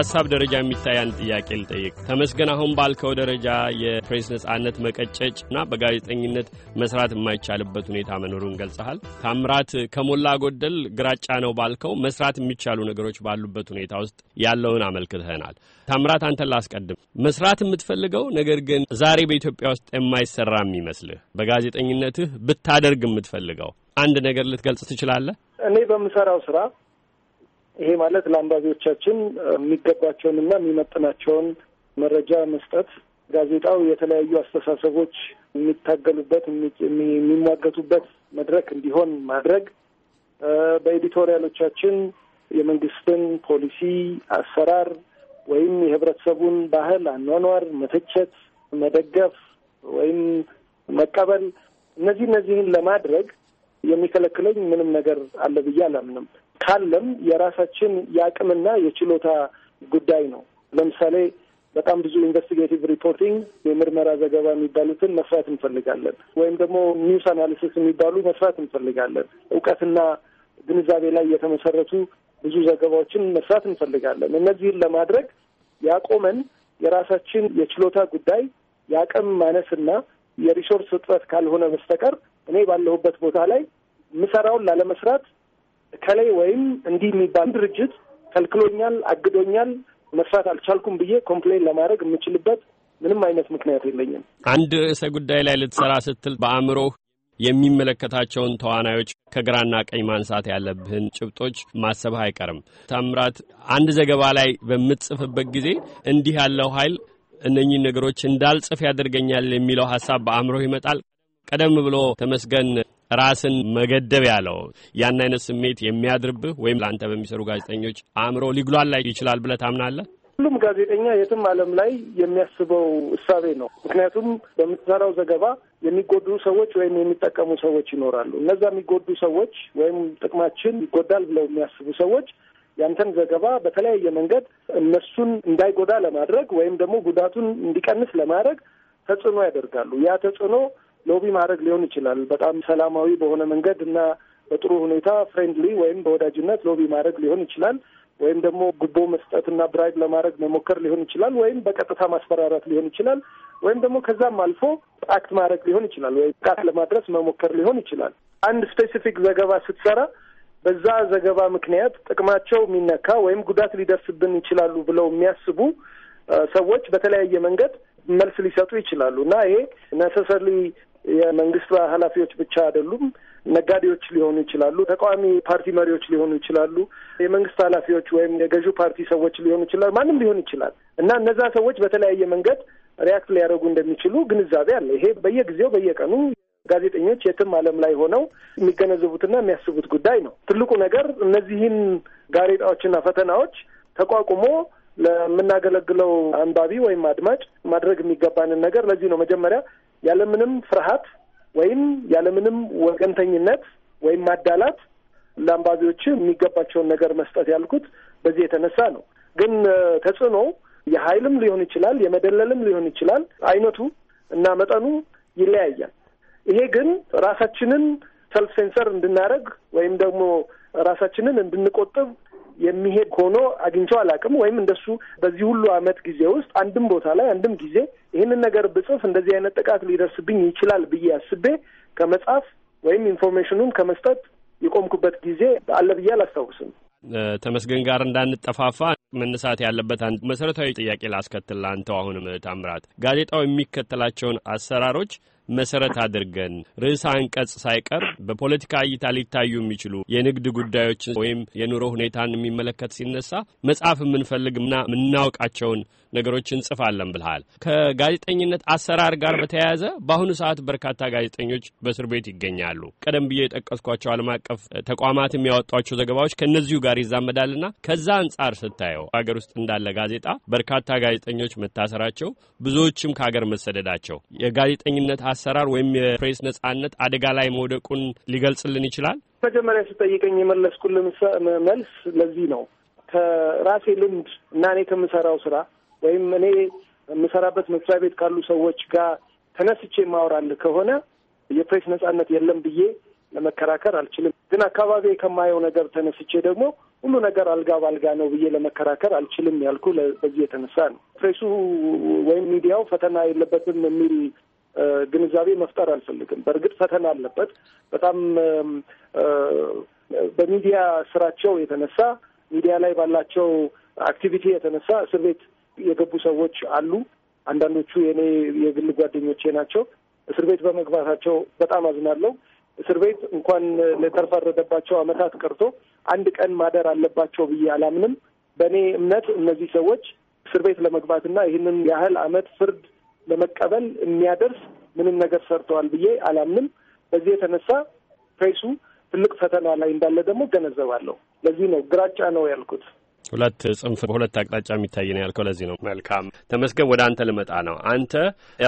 ሀሳብ ደረጃ የሚታይ አንድ ጥያቄ ልጠይቅ። ተመስገን፣ አሁን ባልከው ደረጃ የፕሬስ ነጻነት መቀጨጭ እና በጋዜጠኝነት መስራት የማይቻልበት ሁኔታ መኖሩን ገልጸሃል። ታምራት፣ ከሞላ ጎደል ግራጫ ነው ባልከው መስራት የሚቻሉ ነገሮች ባሉበት ሁኔታ ውስጥ ያለውን አመልክተህናል። ታምራት፣ አንተን ላስቀድም። መስራት የምትፈልገው ነገር ግን ዛሬ በኢትዮጵያ ውስጥ የማይሰራ የሚመስልህ በጋዜጠኝነትህ ብታደርግ የምትፈልገው አንድ ነገር ልትገልጽ ትችላለህ? እኔ በምሰራው ስራ ይሄ ማለት ለአንባቢዎቻችን የሚገባቸውንና የሚመጥናቸውን መረጃ መስጠት ጋዜጣው የተለያዩ አስተሳሰቦች የሚታገሉበት የሚሟገቱበት መድረክ እንዲሆን ማድረግ፣ በኤዲቶሪያሎቻችን የመንግስትን ፖሊሲ አሰራር ወይም የህብረተሰቡን ባህል አኗኗር መተቸት፣ መደገፍ ወይም መቀበል እነዚህ እነዚህን ለማድረግ የሚከለክለኝ ምንም ነገር አለ ብዬ አላምንም። ካለም የራሳችን የአቅምና የችሎታ ጉዳይ ነው። ለምሳሌ በጣም ብዙ ኢንቨስቲጌቲቭ ሪፖርቲንግ የምርመራ ዘገባ የሚባሉትን መስራት እንፈልጋለን። ወይም ደግሞ ኒውስ አናሊሲስ የሚባሉ መስራት እንፈልጋለን። እውቀትና ግንዛቤ ላይ የተመሰረቱ ብዙ ዘገባዎችን መስራት እንፈልጋለን። እነዚህን ለማድረግ ያቆመን የራሳችን የችሎታ ጉዳይ የአቅም ማነስና የሪሶርስ እጥረት ካልሆነ በስተቀር እኔ ባለሁበት ቦታ ላይ ምሰራውን ላለመስራት ከላይ ወይም እንዲህ የሚባል ድርጅት ከልክሎኛል፣ አግዶኛል፣ መስራት አልቻልኩም ብዬ ኮምፕሌን ለማድረግ የምችልበት ምንም አይነት ምክንያት የለኝም። አንድ ርዕሰ ጉዳይ ላይ ልትሰራ ስትል በአእምሮህ የሚመለከታቸውን ተዋናዮች ከግራና ቀኝ ማንሳት ያለብህን ጭብጦች ማሰብህ አይቀርም። ታምራት፣ አንድ ዘገባ ላይ በምትጽፍበት ጊዜ እንዲህ ያለው ኃይል እነኚህ ነገሮች እንዳልጽፍ ያደርገኛል የሚለው ሀሳብ በአእምሮህ ይመጣል። ቀደም ብሎ ተመስገን ራስን መገደብ ያለው ያን አይነት ስሜት የሚያድርብህ ወይም ለአንተ በሚሰሩ ጋዜጠኞች አእምሮ ሊጉላላ ይችላል ብለህ ታምናለህ? ሁሉም ጋዜጠኛ የትም ዓለም ላይ የሚያስበው እሳቤ ነው። ምክንያቱም በምትሰራው ዘገባ የሚጎዱ ሰዎች ወይም የሚጠቀሙ ሰዎች ይኖራሉ። እነዛ የሚጎዱ ሰዎች ወይም ጥቅማችን ይጎዳል ብለው የሚያስቡ ሰዎች ያንተን ዘገባ በተለያየ መንገድ እነሱን እንዳይጎዳ ለማድረግ ወይም ደግሞ ጉዳቱን እንዲቀንስ ለማድረግ ተጽዕኖ ያደርጋሉ። ያ ተጽዕኖ ሎቢ ማድረግ ሊሆን ይችላል። በጣም ሰላማዊ በሆነ መንገድ እና በጥሩ ሁኔታ ፍሬንድሊ ወይም በወዳጅነት ሎቢ ማድረግ ሊሆን ይችላል። ወይም ደግሞ ጉቦ መስጠትና ብራይድ ለማድረግ መሞከር ሊሆን ይችላል። ወይም በቀጥታ ማስፈራራት ሊሆን ይችላል። ወይም ደግሞ ከዛም አልፎ አክት ማድረግ ሊሆን ይችላል። ወይም ጥቃት ለማድረስ መሞከር ሊሆን ይችላል። አንድ ስፔሲፊክ ዘገባ ስትሰራ በዛ ዘገባ ምክንያት ጥቅማቸው የሚነካ ወይም ጉዳት ሊደርስብን ይችላሉ ብለው የሚያስቡ ሰዎች በተለያየ መንገድ መልስ ሊሰጡ ይችላሉ እና ይሄ ነሰሰሪ የመንግስት ኃላፊዎች ብቻ አይደሉም። ነጋዴዎች ሊሆኑ ይችላሉ፣ ተቃዋሚ ፓርቲ መሪዎች ሊሆኑ ይችላሉ፣ የመንግስት ኃላፊዎች ወይም የገዢው ፓርቲ ሰዎች ሊሆኑ ይችላሉ። ማንም ሊሆን ይችላል እና እነዛ ሰዎች በተለያየ መንገድ ሪያክት ሊያደርጉ እንደሚችሉ ግንዛቤ አለ። ይሄ በየጊዜው በየቀኑ ጋዜጠኞች የትም ዓለም ላይ ሆነው የሚገነዘቡትና የሚያስቡት ጉዳይ ነው። ትልቁ ነገር እነዚህን ጋሬጣዎችና ፈተናዎች ተቋቁሞ ለምናገለግለው አንባቢ ወይም አድማጭ ማድረግ የሚገባንን ነገር ለዚህ ነው መጀመሪያ ያለምንም ፍርሃት ወይም ያለምንም ወገንተኝነት ወይም ማዳላት ለአንባቢዎች የሚገባቸውን ነገር መስጠት ያልኩት በዚህ የተነሳ ነው። ግን ተጽዕኖ የኃይልም ሊሆን ይችላል፣ የመደለልም ሊሆን ይችላል። አይነቱ እና መጠኑ ይለያያል። ይሄ ግን ራሳችንን ሰልፍ ሴንሰር እንድናደርግ ወይም ደግሞ ራሳችንን እንድንቆጥብ የሚሄድ ሆኖ አግኝቼው አላውቅም። ወይም እንደሱ በዚህ ሁሉ አመት ጊዜ ውስጥ አንድም ቦታ ላይ አንድም ጊዜ ይህንን ነገር ብጽፍ እንደዚህ አይነት ጥቃት ሊደርስብኝ ይችላል ብዬ አስቤ ከመጻፍ ወይም ኢንፎርሜሽኑን ከመስጠት የቆምኩበት ጊዜ አለ ብዬ አላስታውስም። ተመስገን ጋር እንዳንጠፋፋ መነሳት ያለበት አንድ መሰረታዊ ጥያቄ ላስከትል። አንተው አሁንም ታምራት ጋዜጣው የሚከተላቸውን አሰራሮች መሰረት አድርገን ርዕሰ አንቀጽ ሳይቀር በፖለቲካ እይታ ሊታዩ የሚችሉ የንግድ ጉዳዮችን ወይም የኑሮ ሁኔታን የሚመለከት ሲነሳ መጽሐፍ የምንፈልግና የምናውቃቸውን ነገሮች እንጽፋለን ብልሃል። ከጋዜጠኝነት አሰራር ጋር በተያያዘ በአሁኑ ሰዓት በርካታ ጋዜጠኞች በእስር ቤት ይገኛሉ። ቀደም ብዬ የጠቀስኳቸው ዓለም አቀፍ ተቋማት የሚያወጧቸው ዘገባዎች ከእነዚሁ ጋር ይዛመዳልና ከዛ አንጻር ስታየው አገር ውስጥ እንዳለ ጋዜጣ በርካታ ጋዜጠኞች መታሰራቸው፣ ብዙዎችም ከሀገር መሰደዳቸው የጋዜጠኝነት አሰራር ወይም የፕሬስ ነጻነት አደጋ ላይ መውደቁን ሊገልጽልን ይችላል? መጀመሪያ ስጠይቀኝ የመለስኩልን መልስ ለዚህ ነው። ከራሴ ልምድ እና እኔ ከምሰራው ስራ ወይም እኔ የምሰራበት መስሪያ ቤት ካሉ ሰዎች ጋር ተነስቼ የማወራልህ ከሆነ የፕሬስ ነጻነት የለም ብዬ ለመከራከር አልችልም። ግን አካባቢ ከማየው ነገር ተነስቼ ደግሞ ሁሉ ነገር አልጋ ባልጋ ነው ብዬ ለመከራከር አልችልም ያልኩ በዚህ የተነሳ ነው። ፕሬሱ ወይም ሚዲያው ፈተና የለበትም የሚል ግንዛቤ መፍጠር አልፈልግም። በእርግጥ ፈተና አለበት። በጣም በሚዲያ ስራቸው የተነሳ ሚዲያ ላይ ባላቸው አክቲቪቲ የተነሳ እስር ቤት የገቡ ሰዎች አሉ። አንዳንዶቹ የኔ የግል ጓደኞቼ ናቸው። እስር ቤት በመግባታቸው በጣም አዝናለሁ። እስር ቤት እንኳን ለተፈረደባቸው ዓመታት ቀርቶ አንድ ቀን ማደር አለባቸው ብዬ አላምንም። በእኔ እምነት እነዚህ ሰዎች እስር ቤት ለመግባትና ይህንን ያህል ዓመት ፍርድ ለመቀበል የሚያደርስ ምንም ነገር ሰርተዋል ብዬ አላምንም። በዚህ የተነሳ ፕሬሱ ትልቅ ፈተና ላይ እንዳለ ደግሞ ገነዘባለሁ። ለዚህ ነው ግራጫ ነው ያልኩት። ሁለት ጽንፍ በሁለት አቅጣጫ የሚታይ ነው ያልከው ለዚህ ነው። መልካም ተመስገን፣ ወደ አንተ ልመጣ ነው። አንተ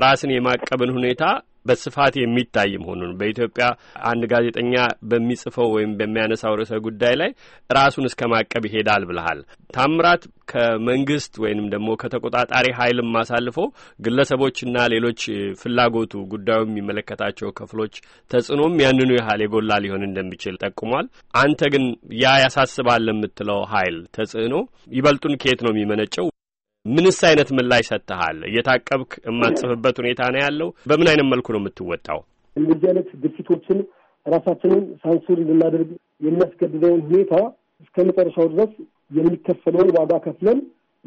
ራስን የማቀብን ሁኔታ በስፋት የሚታይ መሆኑን በኢትዮጵያ አንድ ጋዜጠኛ በሚጽፈው ወይም በሚያነሳው ርዕሰ ጉዳይ ላይ ራሱን እስከ ማቀብ ይሄዳል ብልሃል። ታምራት ከመንግስት ወይንም ደግሞ ከተቆጣጣሪ ኃይልም አሳልፎ ግለሰቦችና ሌሎች ፍላጎቱ ጉዳዩ የሚመለከታቸው ክፍሎች ተጽዕኖም ያንኑ ያህል የጎላ ሊሆን እንደሚችል ጠቁሟል። አንተ ግን ያ ያሳስባል የምትለው ኃይል ተጽዕኖ ይበልጡን ከየት ነው የሚመነጨው? ምንስ አይነት ምላሽ ሰጥተሃል? እየታቀብክ የማትጽፍበት ሁኔታ ነው ያለው? በምን አይነት መልኩ ነው የምትወጣው? እንደዚህ አይነት ግፊቶችን ራሳችንን ሳንሱር ልናደርግ የሚያስገድደውን ሁኔታ እስከ መጨረሻው ድረስ የሚከፈለውን ዋጋ ከፍለን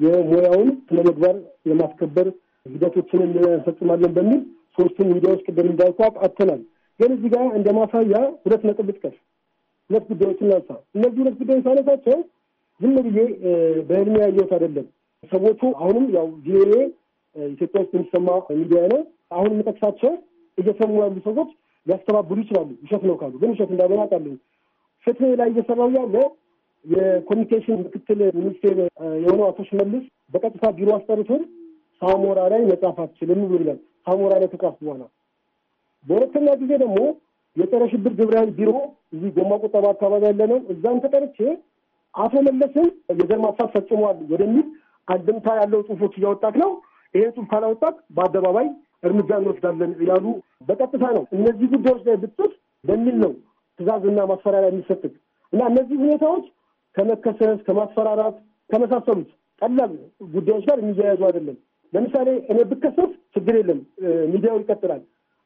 የሙያውን ስነ ምግባር የማስከበር ሂደቶችን እንፈጽማለን በሚል ሶስቱን ሚዲያዎች ቅድም እንዳልኩ አጥተናል። ግን እዚህ ጋር እንደ ማሳያ ሁለት ነጥብ ልጥቀስ። ሁለት ጉዳዮችን ላንሳ። እነዚህ ሁለት ጉዳዮች ሳነሳቸው ዝም ብዬ በህልሜ ያየሁት አይደለም። ሰዎቹ አሁንም ያው ቪኦኤ ኢትዮጵያ ውስጥ የሚሰማ ሚዲያ ነው። አሁን የምጠቅሳቸው እየሰሙ ያሉ ሰዎች ሊያስተባብሉ ይችላሉ። ውሸት ነው ካሉ ግን ውሸት እንዳልሆነ አውቃለሁ። ፍትህ ላይ እየሰራው ያለ የኮሚኒኬሽን ምክትል ሚኒስቴር የሆነው አቶ ሽመልስ በቀጥታ ቢሮ አስጠርቶን ሳሞራ ላይ መጻፍ አትችልም ብሎ ይላል። ሳሞራ ላይ ተጻፍ በኋላ በሁለተኛ ጊዜ ደግሞ የጸረ ሽብር ግብረ ኃይል ቢሮ እዚህ ጎማ ቁጠባ አካባቢ ያለ ነው። እዛም ተጠርቼ አቶ መለስን የዘር ማጥፋት ፈጽሟል ወደሚል አንድምታ ያለው ጽሁፎች እያወጣት ነው። ይሄ ጽሁፍ ካላወጣት በአደባባይ እርምጃ እንወስዳለን ያሉ በቀጥታ ነው። እነዚህ ጉዳዮች ላይ ብጥፍ በሚል ነው ትእዛዝና ማስፈራሪያ የሚሰጥት እና እነዚህ ሁኔታዎች ከመከሰስ ከማስፈራራት ከመሳሰሉት ቀላል ጉዳዮች ጋር የሚያያዙ አይደለም። ለምሳሌ እኔ ብከሰስ ችግር የለም፣ ሚዲያው ይቀጥላል።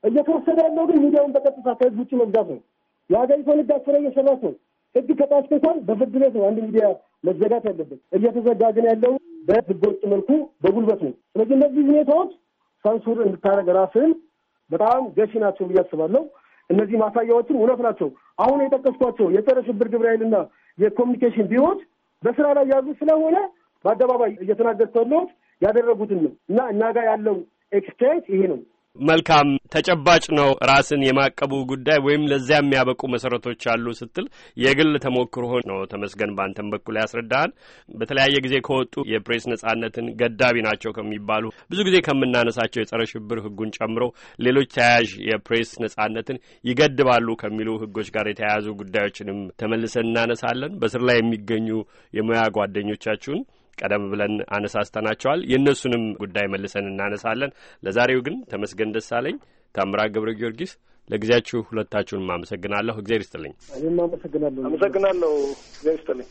እየተወሰደ ያለው ግን ሚዲያውን በቀጥታ ከህዝብ ውጭ መግዛት ነው። የሀገሪቷን ህግ አስፈራ እየሰራት ነው። ህግ ከጣስ እንኳን በፍርድ ቤት ነው አንድ ሚዲያ መዘጋት ያለበት። እየተዘጋ ግን ያለው በህገወጥ መልኩ በጉልበቱ። ስለዚህ እነዚህ ሁኔታዎች ሳንሱር እንድታደረግ ራስህን በጣም ገሺ ናቸው ብዬ አስባለሁ። እነዚህ ማሳያዎችም እውነት ናቸው። አሁን የጠቀስኳቸው የጸረ ሽብር ግብረ ኃይልና የኮሚኒኬሽን ቢሮዎች በስራ ላይ ያሉ ስለሆነ በአደባባይ እየተናገር ያደረጉትን ነው እና እና ጋር ያለው ኤክስፔሪንስ ይሄ ነው። መልካም ተጨባጭ ነው ራስን የማቀቡ ጉዳይ ወይም ለዚያ የሚያበቁ መሰረቶች አሉ ስትል የግል ተሞክሮ ነው ተመስገን፣ ባንተም በኩል ያስረዳሃል። በተለያየ ጊዜ ከወጡ የፕሬስ ነጻነትን ገዳቢ ናቸው ከሚባሉ ብዙ ጊዜ ከምናነሳቸው የጸረ ሽብር ህጉን ጨምሮ ሌሎች ተያያዥ የፕሬስ ነጻነትን ይገድባሉ ከሚሉ ህጎች ጋር የተያያዙ ጉዳዮችንም ተመልሰን እናነሳለን። በስር ላይ የሚገኙ የሙያ ጓደኞቻችሁን ቀደም ብለን አነሳስተናቸዋል። የእነሱንም ጉዳይ መልሰን እናነሳለን። ለዛሬው ግን ተመስገን ደሳለኝ፣ ታምራ ገብረ ጊዮርጊስ ለጊዜያችሁ ሁለታችሁንም አመሰግናለሁ። እግዜር ይስጥልኝ። እኔም አመሰግናለሁ። አመሰግናለሁ። እግዜር ይስጥልኝ።